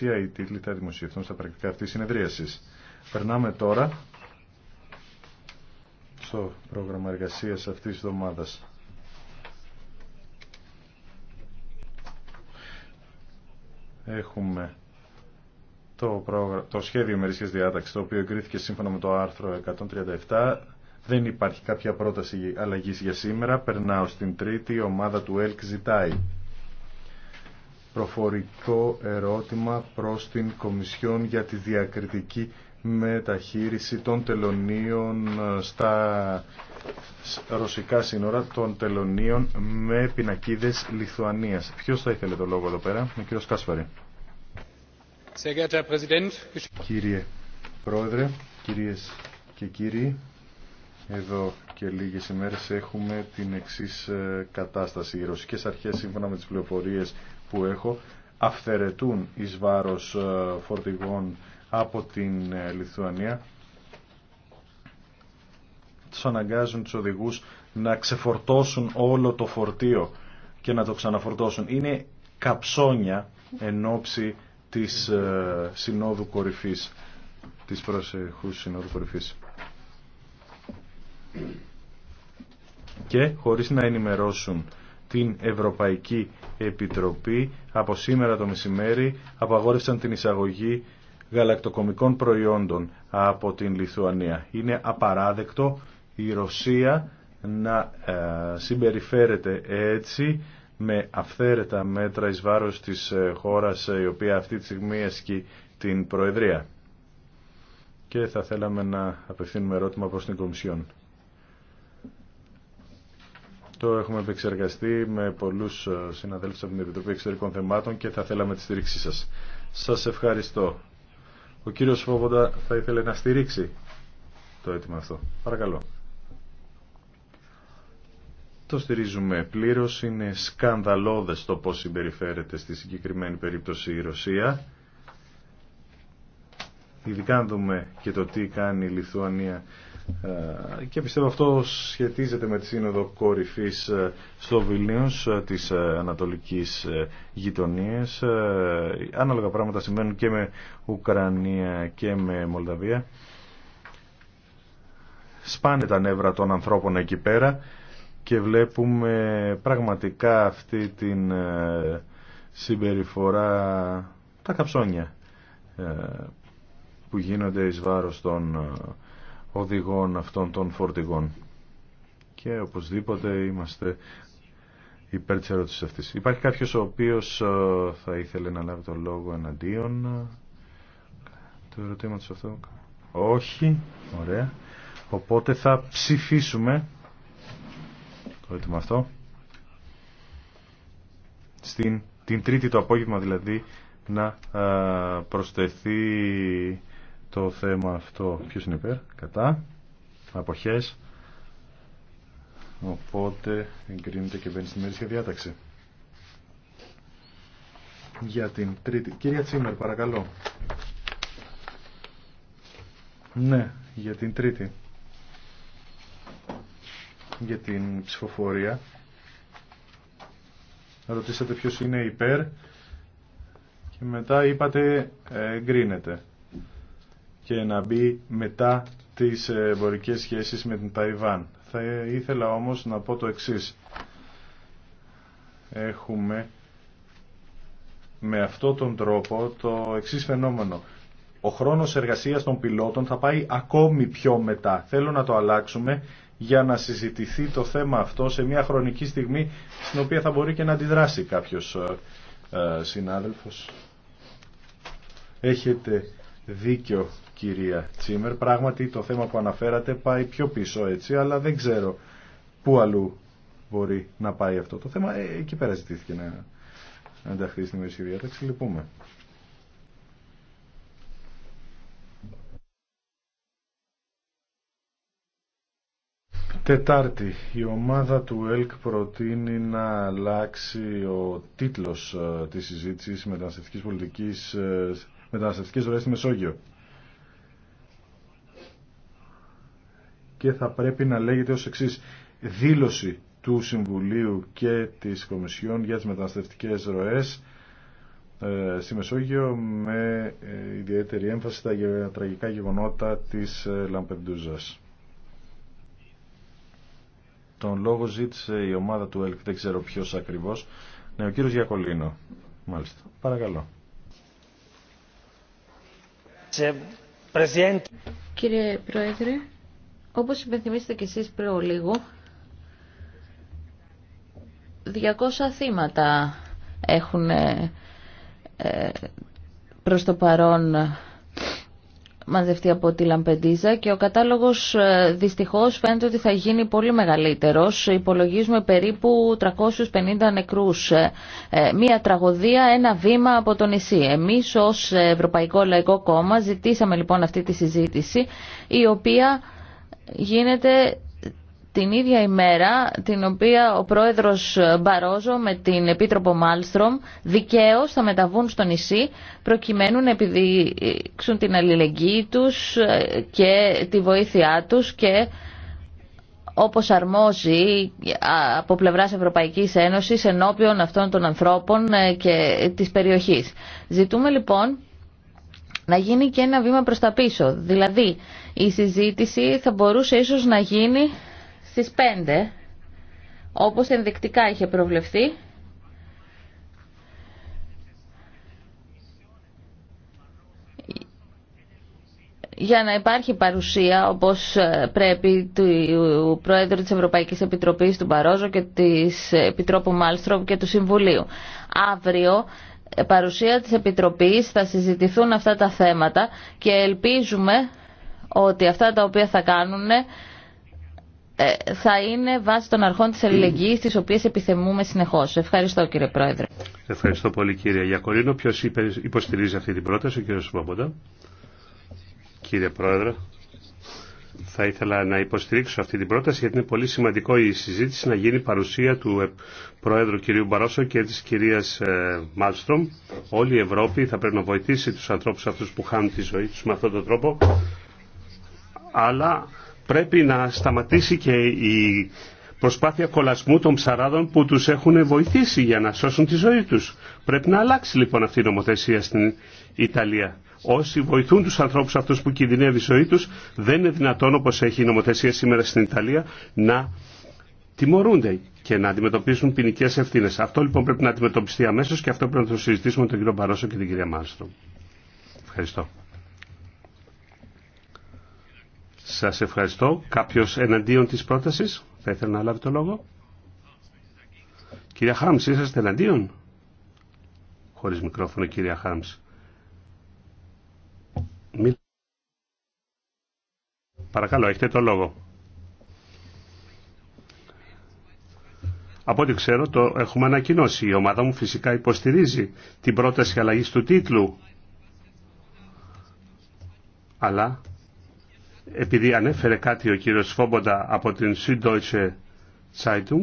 ή Οι τίτλοι θα δημοσιευθούν στα πρακτικά αυτής τη συνεδρίασης. Περνάμε τώρα στο πρόγραμμα εργασία αυτής της εβδομάδα. Έχουμε το, το σχέδιο μερίσιας διάταξη το οποίο εγκρίθηκε σύμφωνα με το άρθρο 137. Δεν υπάρχει κάποια πρόταση αλλαγής για σήμερα. Περνάω στην τρίτη. ομάδα του ΕΛΚ ζητάει προφορικό ερώτημα προς την Κομισιόν για τη διακριτική μεταχείριση των τελωνίων ε, στα ρωσικά σύνορα των τελωνίων με πινακίδες Λιθουανίας. Ποιος θα ήθελε το λόγο εδώ πέρα, ο κύριος Κάσπαρη. Κύριε Πρόεδρε, κυρίες και κύριοι, εδώ και λίγες ημέρες έχουμε την εξής ε, κατάσταση. Οι ρωσικές αρχές σύμφωνα με τις πληροφορίες που έχω αυθαιρετούν εις βάρος ε, φορτηγών από την ε, Λιθουανία τους αναγκάζουν τους οδηγούς να ξεφορτώσουν όλο το φορτίο και να το ξαναφορτώσουν. Είναι καψόνια εν ώψη της ε, συνόδου κορυφής, της προσεχούς συνόδου κορυφής. Και χωρίς να ενημερώσουν την Ευρωπαϊκή Επιτροπή από σήμερα το μεσημέρι απαγόρευσαν την εισαγωγή γαλακτοκομικών προϊόντων από την Λιθουανία. Είναι απαράδεκτο η Ρωσία να ε, συμπεριφέρεται έτσι με αυθαίρετα μέτρα εις βάρος της ε, χώρας ε, η οποία αυτή τη στιγμή ασκεί την Προεδρία. Και θα θέλαμε να απευθύνουμε ερώτημα προς την Κομισιόν. Το έχουμε επεξεργαστεί με πολλούς ε, συναδέλφους από την Επιτροπή Εξωτερικών Θεμάτων και θα θέλαμε τη στήριξή σας. Σας ευχαριστώ. Ο κύριος Φόβοντα θα ήθελε να στηρίξει το αίτημα αυτό. Παρακαλώ. Το στηρίζουμε πλήρως. Είναι σκανδαλώδε το πώς συμπεριφέρεται στη συγκεκριμένη περίπτωση η Ρωσία. Ειδικά αν δούμε και το τι κάνει η Λιθουανία ε, και πιστεύω αυτό σχετίζεται με τη Σύνοδο Κορυφής ε, στο Βιλνίους ε, της Ανατολικής Γειτονίας. Ανάλογα πράγματα συμβαίνουν και με Ουκρανία και με Μολδαβία. Σπάνε τα νεύρα των ανθρώπων εκεί πέρα και βλέπουμε πραγματικά αυτή την συμπεριφορά τα καψόνια που γίνονται εις βάρος των οδηγών αυτών των φορτηγών. Και οπωσδήποτε είμαστε υπέρ της ερώτησης αυτής. Υπάρχει κάποιος ο οποίος ε, θα ήθελε να λάβει τον λόγο εναντίον ε, του ερωτήματος αυτό. Όχι. Ωραία. Οπότε θα ψηφίσουμε το έτοιμο αυτό στην, την τρίτη το απόγευμα δηλαδή να ε, προσθεθεί το θέμα αυτό. Ποιος είναι υπέρ, κατά, αποχές. Οπότε εγκρίνεται και μπαίνει στη μέρη διάταξη. Για την τρίτη. Κυρία Τσίμερ, παρακαλώ. Ναι, για την τρίτη. Για την ψηφοφορία. Ρωτήσατε ποιος είναι υπέρ και μετά είπατε εγκρίνεται και να μπει μετά τις εμπορικές σχέσεις με την Ταϊβάν. Θα ήθελα όμως να πω το εξής. Έχουμε με αυτόν τον τρόπο το εξής φαινόμενο. Ο χρόνος εργασίας των πιλότων θα πάει ακόμη πιο μετά. Θέλω να το αλλάξουμε για να συζητηθεί το θέμα αυτό σε μια χρονική στιγμή στην οποία θα μπορεί και να αντιδράσει κάποιος ε, ε συνάδελφος. Έχετε δίκιο κυρία Τσίμερ. Πράγματι το θέμα που αναφέρατε πάει πιο πίσω έτσι, αλλά δεν ξέρω πού αλλού μπορεί να πάει αυτό το θέμα. Ε, εκεί πέρα ζητήθηκε να ενταχθεί στην ημερήσια διάταξη. Λυπούμε. Τετάρτη, η ομάδα του ΕΛΚ προτείνει να αλλάξει ο τίτλος ε, της συζήτησης μεταναστευτικής πολιτικής ε, μεταναστευτικές ροές στη Μεσόγειο. Και θα πρέπει να λέγεται ως εξής δήλωση του Συμβουλίου και της Κομισιόν για τις μεταναστευτικές ροές ε, στη Μεσόγειο με ε, ιδιαίτερη έμφαση στα τραγικά γεγονότα της ε, Λαμπεντούζας. Τον λόγο ζήτησε η ομάδα του ΕΛΚ, δεν ξέρω ποιος ακριβώς. Ναι, ο κύριος Γιακολίνο. Μάλιστα. Παρακαλώ. Κύριε Πρόεδρε, όπως υπενθυμίσετε και εσείς πριν λίγο, 200 θύματα έχουν ε, προς το παρόν μαζευτεί από τη Λαμπεντίζα και ο κατάλογος ε, δυστυχώς φαίνεται ότι θα γίνει πολύ μεγαλύτερος. Υπολογίζουμε περίπου 350 νεκρούς. Ε, ε, μία τραγωδία, ένα βήμα από το νησί. Εμείς ως Ευρωπαϊκό Λαϊκό Κόμμα ζητήσαμε λοιπόν αυτή τη συζήτηση η οποία γίνεται την ίδια ημέρα την οποία ο πρόεδρος Μπαρόζο με την Επίτροπο Μάλστρομ δικαίως θα μεταβούν στο νησί προκειμένου να επιδείξουν την αλληλεγγύη τους ε, και τη βοήθειά τους και όπως αρμόζει από πλευράς Ευρωπαϊκής Ένωσης ενώπιον αυτών των ανθρώπων ε, και της περιοχής. Ζητούμε λοιπόν να γίνει και ένα βήμα προς τα πίσω. Δηλαδή η συζήτηση θα μπορούσε ίσως να γίνει στις 5, όπως ενδεικτικά είχε προβλεφθεί, για να υπάρχει παρουσία όπως ε, πρέπει του Προέδρου της Ευρωπαϊκής Επιτροπής του Μπαρόζο και της Επιτρόπου Μάλστρομ και του Συμβουλίου. Αύριο ε, παρουσία της Επιτροπής θα συζητηθούν αυτά τα θέματα και ελπίζουμε ότι αυτά τα οποία θα κάνουν ε, θα είναι βάσει των αρχών της αλληλεγγύης τις οποίες επιθεμούμε συνεχώς. Ευχαριστώ κύριε Πρόεδρε. Ευχαριστώ πολύ κύριε Γιακορίνο. Ποιος υποστηρίζει αυτή την πρόταση, ο κύριος Σουμπαμποντα. Κύριε Πρόεδρε, θα ήθελα να υποστηρίξω αυτή την πρόταση γιατί είναι πολύ σημαντικό η συζήτηση να γίνει παρουσία του ε, Πρόεδρου κυρίου Μπαρόσο και της κυρίας ε, Μάλστρομ. Όλη η Ευρώπη θα πρέπει να βοηθήσει τους ανθρώπους αυτούς που χάνουν τη ζωή τους με αυτόν τον τρόπο. Αλλά Πρέπει να σταματήσει και η προσπάθεια κολασμού των ψαράδων που τους έχουν βοηθήσει για να σώσουν τη ζωή τους. Πρέπει να αλλάξει λοιπόν αυτή η νομοθεσία στην Ιταλία. Όσοι βοηθούν τους ανθρώπους αυτούς που κινδυνεύει η ζωή τους, δεν είναι δυνατόν όπως έχει η νομοθεσία σήμερα στην Ιταλία να τιμωρούνται και να αντιμετωπίσουν ποινικέ ευθύνε. Αυτό λοιπόν πρέπει να αντιμετωπιστεί αμέσω και αυτό πρέπει να το συζητήσουμε με τον κύριο Μπαρόσο και την κυρία Μάλστρομ. Ευχαριστώ. Σας ευχαριστώ. Κάποιος εναντίον της πρότασης θα ήθελα να λάβει το λόγο. Κυρία Χάμς, είσαστε εναντίον. Χωρίς μικρόφωνο, κυρία Χάμς. Παρακαλώ, έχετε το λόγο. Από ό,τι ξέρω, το έχουμε ανακοινώσει. Η ομάδα μου φυσικά υποστηρίζει την πρόταση αλλαγή του τίτλου. Αλλά επειδή ανέφερε κάτι ο κύριος Φόμποντα από την Süddeutsche Zeitung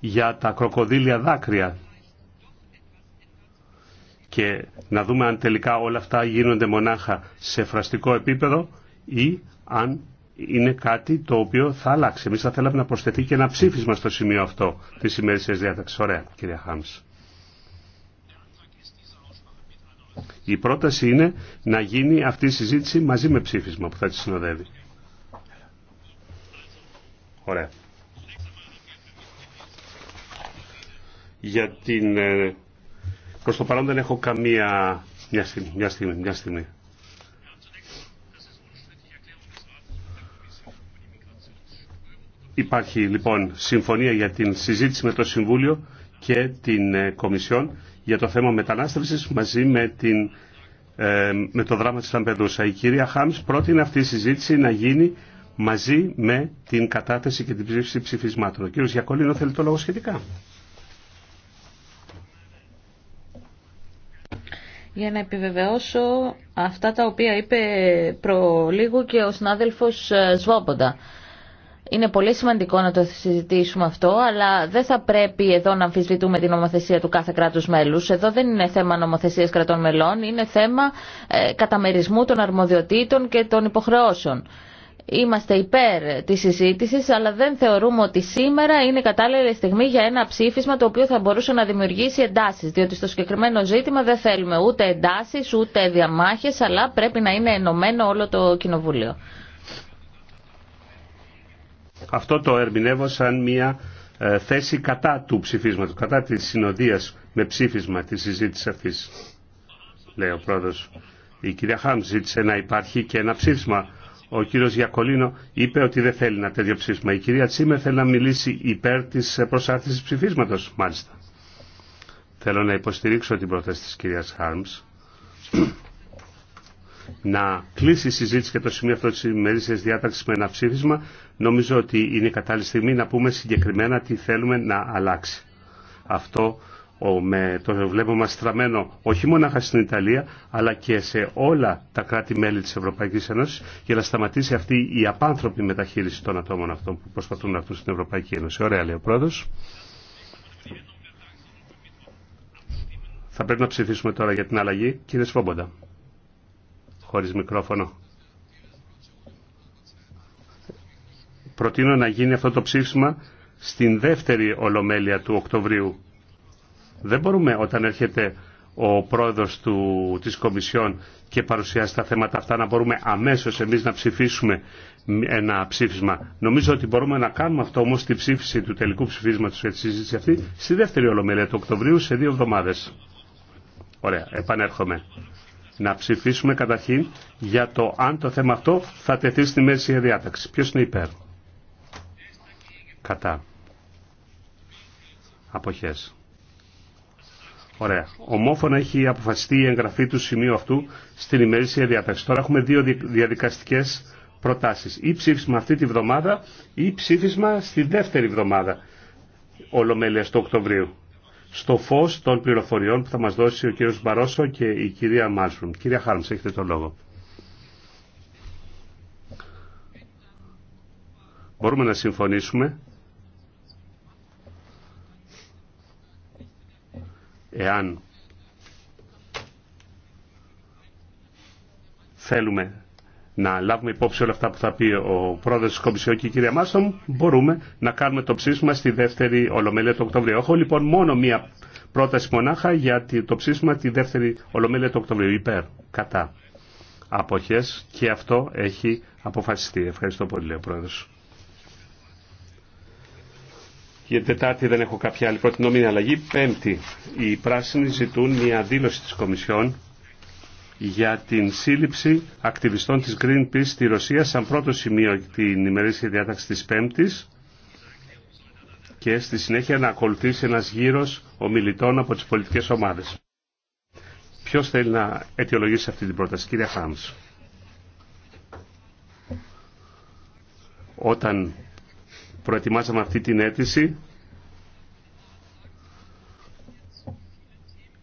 για τα κροκοδίλια δάκρυα και να δούμε αν τελικά όλα αυτά γίνονται μονάχα σε φραστικό επίπεδο ή αν είναι κάτι το οποίο θα αλλάξει. Εμεί θα θέλαμε να προσθεθεί και ένα ψήφισμα στο σημείο αυτό τη τη διάταξη. Ωραία, κυρία Χάμς. Η πρόταση είναι να γίνει αυτή η συζήτηση μαζί με ψήφισμα που θα τη συνοδεύει. Ωραία. Για την... Ε, προς το παρόν δεν έχω καμία... Μια στιγμή, μια στιγμή, μια στιγμή. Υπάρχει λοιπόν συμφωνία για την συζήτηση με το Συμβούλιο και την ε, Κομισιόν για το θέμα μετανάστευσης μαζί με, την, ε, με το δράμα της Λαμπεδούσα. Η κυρία Χάμς πρότεινε αυτή η συζήτηση να γίνει μαζί με την κατάθεση και την ψήφιση ψηφισμάτων. Ο κύριος Γιακολίνο θέλει το λόγο σχετικά. για να επιβεβαιώσω αυτά τα οποία είπε λίγο και ο συνάδελφος ε, Σβόμποντα. Είναι πολύ σημαντικό να το συζητήσουμε αυτό, αλλά δεν θα πρέπει εδώ να αμφισβητούμε την νομοθεσία του κάθε κράτους μέλους. Εδώ δεν είναι θέμα νομοθεσίας κρατών μελών, είναι θέμα ε, καταμερισμού των αρμοδιοτήτων και των υποχρεώσεων. Είμαστε υπέρ τη συζήτηση, αλλά δεν θεωρούμε ότι σήμερα είναι κατάλληλη στιγμή για ένα ψήφισμα το οποίο θα μπορούσε να δημιουργήσει εντάσει. Διότι στο συγκεκριμένο ζήτημα δεν θέλουμε ούτε εντάσει, ούτε διαμάχε, αλλά πρέπει να είναι ενωμένο όλο το Κοινοβούλιο. Αυτό το ερμηνεύω σαν μια ε, θέση κατά του ψηφίσματος, κατά της συνοδείας με ψήφισμα της συζήτηση αυτής. Λέει ο πρόεδρος. Η κυρία Χάμ ζήτησε να υπάρχει και ένα ψήφισμα. Ο κύριος Γιακολίνο είπε ότι δεν θέλει ένα τέτοιο ψήφισμα. Η κυρία Τσίμερ θέλει να μιλήσει υπέρ της προσάρτηση ψηφίσματος, μάλιστα. Θέλω να υποστηρίξω την πρόταση της κυρίας Χάρμς να κλείσει η συζήτηση και το σημείο αυτό τη ημερήσια διάταξη με ένα ψήφισμα, νομίζω ότι είναι η κατάλληλη στιγμή να πούμε συγκεκριμένα τι θέλουμε να αλλάξει. Αυτό ο, με το βλέπουμε στραμμένο όχι μόνο στην Ιταλία αλλά και σε όλα τα κράτη-μέλη της Ευρωπαϊκής Ένωσης για να σταματήσει αυτή η απάνθρωπη μεταχείριση των ατόμων αυτών που προσπαθούν να έρθουν στην Ευρωπαϊκή Ένωση. Ωραία λέει ο πρόεδρος. Θα πρέπει να ψηφίσουμε τώρα για την αλλαγή. Κύριε Σφόμποντα χωρίς μικρόφωνο. Προτείνω να γίνει αυτό το ψήφισμα στην δεύτερη Ολομέλεια του Οκτωβρίου. Δεν μπορούμε όταν έρχεται ο πρόεδρος του, της Κομισιόν και παρουσιάσει τα θέματα αυτά να μπορούμε αμέσως εμείς να ψηφίσουμε ένα ψήφισμα. Νομίζω ότι μπορούμε να κάνουμε αυτό όμως τη ψήφιση του τελικού ψηφίσματος για τη συζήτηση αυτή στη δεύτερη Ολομέλεια του Οκτωβρίου σε δύο εβδομάδες. Ωραία, επανέρχομαι να ψηφίσουμε καταρχήν για το αν το θέμα αυτό θα τεθεί στη μέση διάταξη. Ποιος είναι υπέρ. Κατά. Αποχές. Ωραία. Ομόφωνα έχει αποφασιστεί η εγγραφή του σημείου αυτού στην ημερήσια διάταξη. Τώρα έχουμε δύο διαδικαστικές προτάσεις. Ή ψήφισμα αυτή τη βδομάδα ή ψήφισμα στη δεύτερη βδομάδα ολομέλειας του Οκτωβρίου στο φως των πληροφοριών που θα μας δώσει ο κύριος Μπαρόσο και η κυρία Μάρσουμ. Κυρία Χάρμς, έχετε το λόγο. Μπορούμε να συμφωνήσουμε εάν θέλουμε να λάβουμε υπόψη όλα αυτά που θα πει ο πρόεδρος της Κομισιόν και η κυρία Μάστον, μπορούμε να κάνουμε το ψήφισμα στη δεύτερη Ολομέλεια του Οκτωβρίου. Έχω λοιπόν μόνο μία πρόταση μονάχα για το ψήφισμα τη δεύτερη Ολομέλεια του Οκτωβρίου. Υπέρ, κατά, αποχές και αυτό έχει αποφασιστεί. Ευχαριστώ πολύ, λέει ο πρόεδρος. Για Τετάρτη δεν έχω κάποια άλλη προτινόμενη αλλαγή. Πέμπτη, οι πράσινοι ζητούν μια δήλωση τη Κομισιόν για την σύλληψη ακτιβιστών της Greenpeace στη Ρωσία σαν πρώτο σημείο την ημερήσια διάταξη της Πέμπτης και στη συνέχεια να ακολουθήσει ένας γύρος ομιλητών από τις πολιτικές ομάδες. Ποιος θέλει να αιτιολογήσει αυτή την πρόταση, κύριε Χάμς. Όταν προετοιμάσαμε αυτή την αίτηση,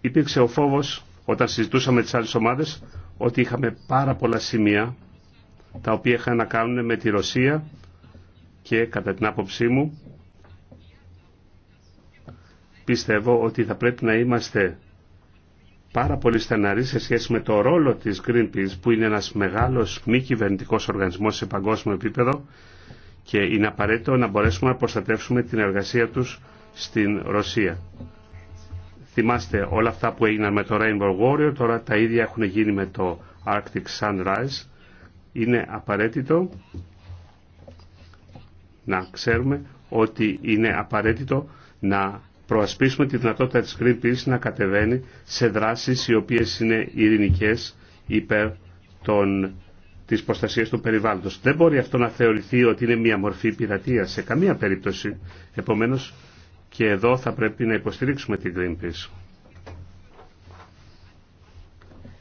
υπήρξε ο φόβος όταν συζητούσαμε τις άλλες ομάδες ότι είχαμε πάρα πολλά σημεία τα οποία είχαν να κάνουν με τη Ρωσία και κατά την άποψή μου πιστεύω ότι θα πρέπει να είμαστε πάρα πολύ στεναροί σε σχέση με το ρόλο της Greenpeace που είναι ένας μεγάλος μη κυβερνητικός οργανισμός σε παγκόσμιο επίπεδο και είναι απαραίτητο να μπορέσουμε να προστατεύσουμε την εργασία τους στην Ρωσία. Θυμάστε όλα αυτά που έγιναν με το Rainbow Warrior, τώρα τα ίδια έχουν γίνει με το Arctic Sunrise. Είναι απαραίτητο να ξέρουμε ότι είναι απαραίτητο να προασπίσουμε τη δυνατότητα της Greenpeace να κατεβαίνει σε δράσεις οι οποίες είναι ειρηνικές υπέρ των, της προστασίας του περιβάλλοντος. Δεν μπορεί αυτό να θεωρηθεί ότι είναι μια μορφή πειρατεία σε καμία περίπτωση. Επομένως και εδώ θα πρέπει να υποστηρίξουμε την Greenpeace.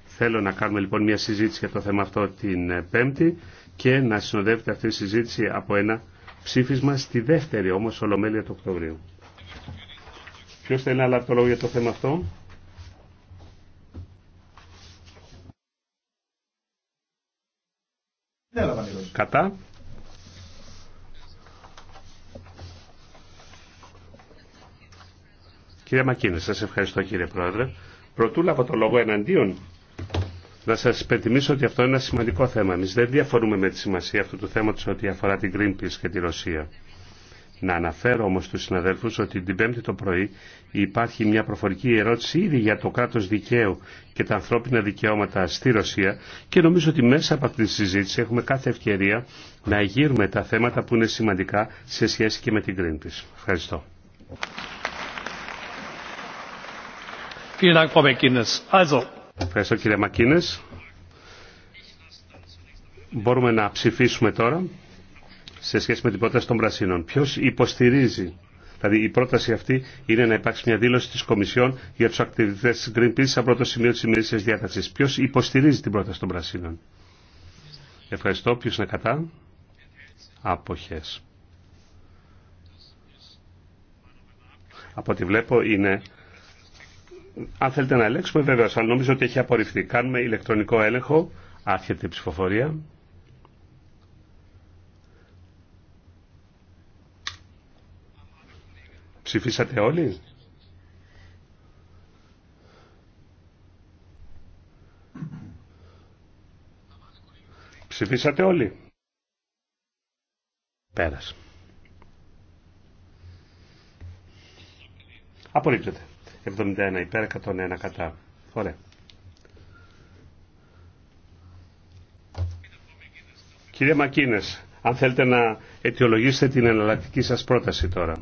Θέλω να κάνουμε λοιπόν μια συζήτηση για το θέμα αυτό την ε, Πέμπτη και να συνοδεύεται αυτή η συζήτηση από ένα ψήφισμα στη δεύτερη όμως Ολομέλεια του Οκτωβρίου. Ποιος θέλει να λάβει το λόγο για το θέμα αυτό. Κατά. Κύριε Μακίνη, σας ευχαριστώ κύριε Πρόεδρε. Πρωτού λάβω το λόγο εναντίον. Να σας υπενθυμίσω ότι αυτό είναι ένα σημαντικό θέμα. Εμείς δεν διαφορούμε με τη σημασία αυτού του θέματος ότι αφορά την Greenpeace και τη Ρωσία. Να αναφέρω όμως στους συναδέλφους ότι την Πέμπτη το πρωί υπάρχει μια προφορική ερώτηση ήδη για το κράτος δικαίου και τα ανθρώπινα δικαιώματα στη Ρωσία και νομίζω ότι μέσα από αυτή τη συζήτηση έχουμε κάθε ευκαιρία να γύρουμε τα θέματα που είναι σημαντικά σε σχέση και με την Greenpeace. Ευχαριστώ. Ευχαριστώ κύριε Μακίνες. Μπορούμε να ψηφίσουμε τώρα σε σχέση με την πρόταση των Πρασίνων. Ποιο υποστηρίζει Δηλαδή η πρόταση αυτή είναι να υπάρξει μια δήλωση τη Κομισιόν για του ακτιβιστέ τη Greenpeace σαν πρώτο σημείο τη ημερήσια διάταξη. Ποιο υποστηρίζει την πρόταση των Πρασίνων. Ευχαριστώ. Ποιο είναι κατά. Αποχέ. Από ό,τι βλέπω είναι αν θέλετε να ελέγξουμε, βέβαια, αν νομίζω ότι έχει απορριφθεί. Κάνουμε ηλεκτρονικό έλεγχο. Άρχεται η ψηφοφορία. Ψηφίσατε όλοι. Ψηφίσατε όλοι. Πέρασε. Απορρίπτεται. 71 υπέρ, 101 κατά. Ωραία. Κύριε Μακίνες, αν θέλετε να αιτιολογήσετε την εναλλακτική σας πρόταση τώρα.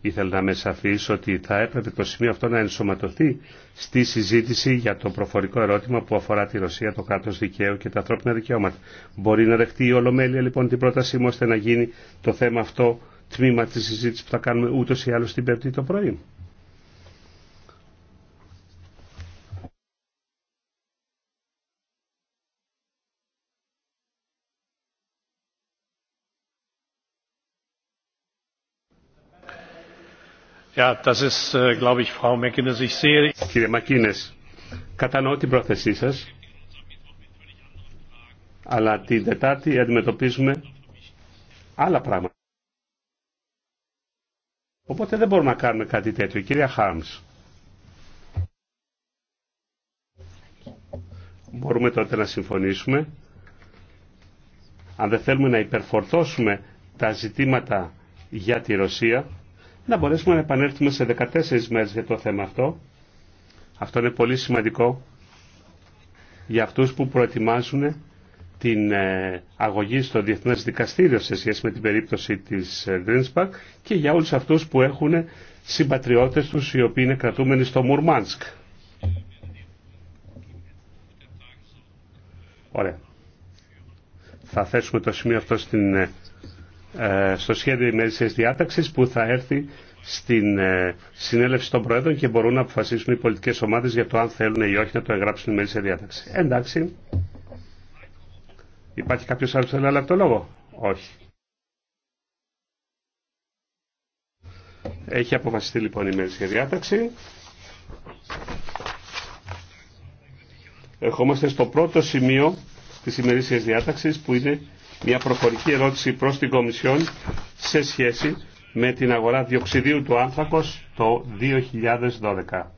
Ήθελα να με σαφείς ότι θα έπρεπε το σημείο αυτό να ενσωματωθεί στη συζήτηση για το προφορικό ερώτημα που αφορά τη Ρωσία, το κράτος δικαίου και τα ανθρώπινα δικαιώματα. Μπορεί να δεχτεί η Ολομέλεια λοιπόν την πρότασή μου ώστε να γίνει το θέμα αυτό τμήμα της συζήτηση που θα κάνουμε ούτως ή άλλως την Πέμπτη το πρωί. Äh, Κύριε Μακίνες, κατανοώ την πρόθεσή σας, αλλά την Τετάρτη αντιμετωπίζουμε άλλα πράγματα. Οπότε δεν μπορούμε να κάνουμε κάτι τέτοιο. Κυρία Χάμς, μπορούμε τότε να συμφωνήσουμε. Αν δεν θέλουμε να υπερφορτώσουμε τα ζητήματα για τη Ρωσία, να μπορέσουμε να επανέλθουμε σε 14 μέρες για το θέμα αυτό. Αυτό είναι πολύ σημαντικό για αυτούς που προετοιμάζουν την ε, αγωγή στο Διεθνές Δικαστήριο σε σχέση με την περίπτωση της ΔΡΙΝΣΠΑΚ ε, και για όλους αυτούς που έχουν συμπατριώτες τους οι οποίοι είναι κρατούμενοι στο Μουρμάνσκ. Ωραία. Θα θέσουμε το σημείο αυτό στην ε, ε, στο σχέδιο ημερήσια διάταξης που θα έρθει στην ε, συνέλευση των Προέδρων και μπορούν να αποφασίσουν οι πολιτικές ομάδες για το αν θέλουν ή όχι να το εγγράψουν ημερήσια διάταξη. Εντάξει. Υπάρχει κάποιος άλλος που θέλει να το λόγο. Όχι. Έχει αποφασιστεί λοιπόν η ημερήσια διάταξη. Ερχόμαστε στο πρώτο σημείο της ημερήσιας διάταξης που είναι μια προφορική ερώτηση προς την Κομισιόν σε σχέση με την αγορά διοξιδίου του άνθρακος το 2012.